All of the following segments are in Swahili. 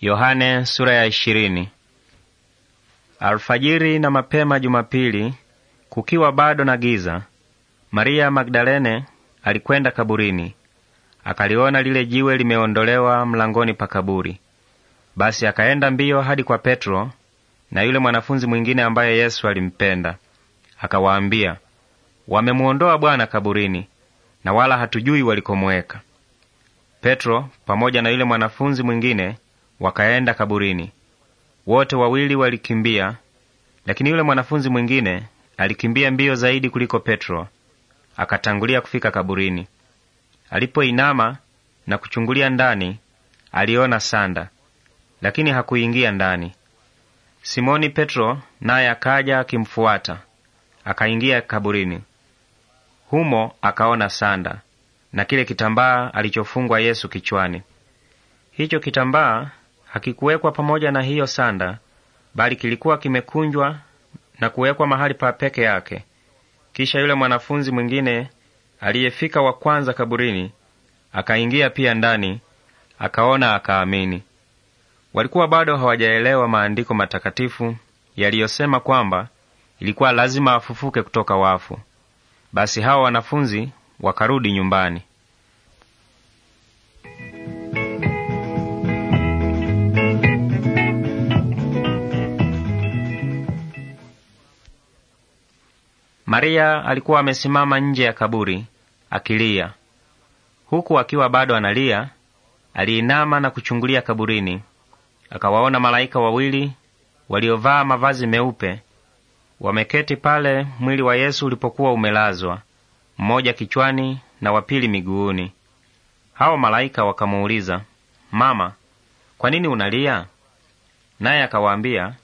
Yohane sura ya ishirini. Alfajiri na mapema Jumapili, kukiwa bado na giza, Maria Magdalene alikwenda kaburini, akaliona lile jiwe limeondolewa mlangoni pa kaburi. Basi akaenda mbio hadi kwa Petro na yule mwanafunzi mwingine ambaye Yesu alimpenda, akawaambia, wamemuondoa Bwana kaburini, na wala hatujui walikomweka. Petro pamoja na yule mwanafunzi mwingine wakaenda kaburini. Wote wawili walikimbia, lakini yule mwanafunzi mwingine alikimbia mbio zaidi kuliko Petro, akatangulia kufika kaburini. Alipoinama na kuchungulia ndani, aliona sanda, lakini hakuingia ndani. Simoni Petro naye akaja akimfuata, akaingia kaburini. Humo akaona sanda na kile kitambaa alichofungwa Yesu kichwani. Hicho kitambaa hakikuwekwa pamoja na hiyo sanda, bali kilikuwa kimekunjwa na kuwekwa mahali pa peke yake. Kisha yule mwanafunzi mwingine aliyefika wa kwanza kaburini akaingia pia ndani, akaona, akaamini. Walikuwa bado hawajaelewa maandiko matakatifu yaliyosema kwamba ilikuwa lazima afufuke kutoka wafu. Basi hawa wanafunzi wakarudi nyumbani. Maria alikuwa amesimama nje ya kaburi akilia. Huku akiwa bado analia, aliinama na kuchungulia kaburini, akawaona malaika wawili waliovaa mavazi meupe wameketi pale mwili wa Yesu ulipokuwa umelazwa, mmoja kichwani na wapili miguuni. Hao malaika wakamuuliza, Mama, kwa nini unalia? Naye akawaambia,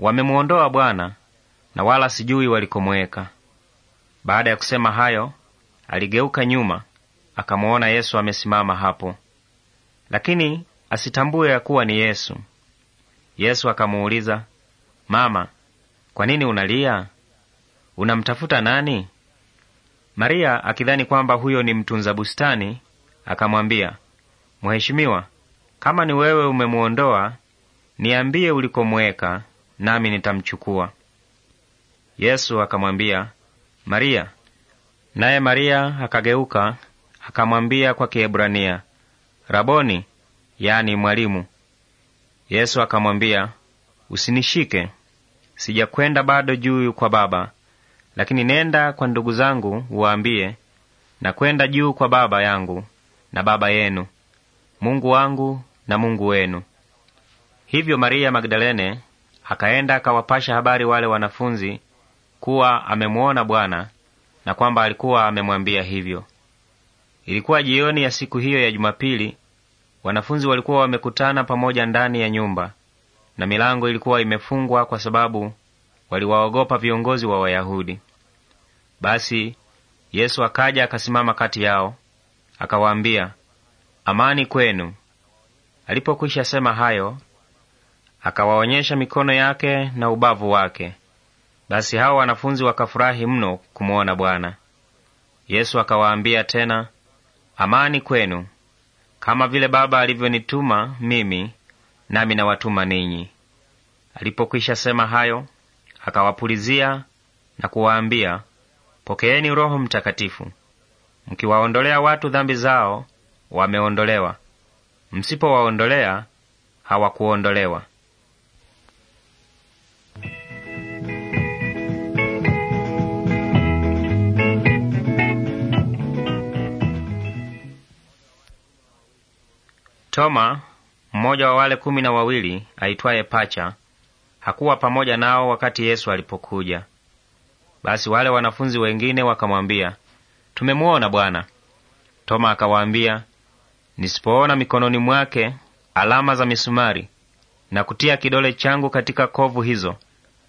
wamemuondoa Bwana na wala sijui walikomweka. Baada ya kusema hayo, aligeuka nyuma akamwona Yesu amesimama hapo, lakini asitambue ya kuwa ni Yesu. Yesu akamuuliza, mama, kwa nini unalia? Unamtafuta nani? Maria akidhani kwamba huyo ni mtunza bustani akamwambia, Mheshimiwa, kama ni wewe umemuondoa, niambie ulikomweka, nami nitamchukua. Yesu akamwambia, Maria. Naye Maria akageuka akamwambia kwa Kiebrania, Raboni, yani mwalimu. Yesu akamwambia, usinishike, sijakwenda bado juu kwa Baba, lakini nenda kwa ndugu zangu uwaambie, nakwenda juu kwa Baba yangu na Baba yenu, Mungu wangu na Mungu wenu. Hivyo Maria Magdalene akaenda akawapasha habari wale wanafunzi kuwa amemwona Bwana na kwamba alikuwa amemwambia hivyo. Ilikuwa jioni ya siku hiyo ya Jumapili. Wanafunzi walikuwa wamekutana pamoja ndani ya nyumba, na milango ilikuwa imefungwa kwa sababu waliwaogopa viongozi wa Wayahudi. Basi Yesu akaja akasimama kati yao, akawaambia, amani kwenu. Alipokwisha sema hayo, akawaonyesha mikono yake na ubavu wake. Basi hao wanafunzi wakafurahi mno kumwona Bwana. Yesu akawaambia tena, amani kwenu. Kama vile Baba alivyonituma mimi, nami nawatuma ninyi. Alipokwisha sema hayo, akawapulizia na kuwaambia, pokeeni Roho Mtakatifu. Mkiwaondolea watu dhambi zao, wameondolewa; msipowaondolea, hawakuondolewa. Toma, mmoja wa wale kumi na wawili, aitwaye Pacha, hakuwa pamoja nao wakati Yesu alipokuja. Basi wale wanafunzi wengine wakamwambia, tumemuona Bwana. Toma akawaambia, nisipoona mikononi mwake alama za misumari na kutia kidole changu katika kovu hizo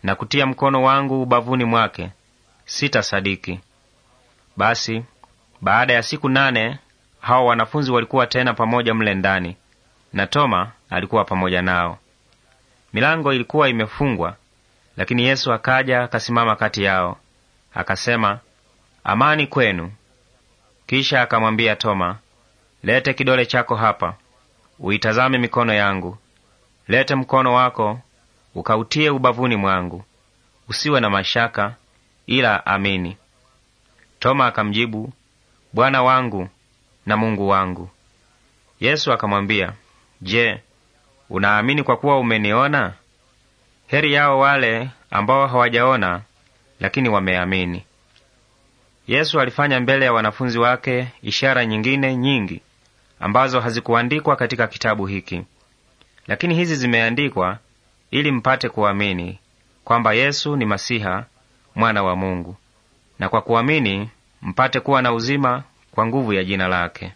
na kutia mkono wangu ubavuni mwake, sitasadiki. Basi baada ya siku nane hao wanafunzi walikuwa tena pamoja mle ndani, na Toma alikuwa pamoja nao. Milango ilikuwa imefungwa, lakini Yesu akaja akasimama kati yao akasema, amani kwenu. Kisha akamwambia Toma, lete kidole chako hapa, uitazame mikono yangu, lete mkono wako ukautie ubavuni mwangu, usiwe na mashaka, ila amini. Toma akamjibu, Bwana wangu na Mungu wangu. Yesu akamwambia, Je, unaamini kwa kuwa umeniona? Heri yao wale ambao hawajaona lakini wameamini. Yesu alifanya mbele ya wanafunzi wake ishara nyingine nyingi ambazo hazikuandikwa katika kitabu hiki, lakini hizi zimeandikwa ili mpate kuamini kwamba Yesu ni Masiha, mwana wa Mungu, na kwa kuamini mpate kuwa na uzima kwa nguvu ya jina lake.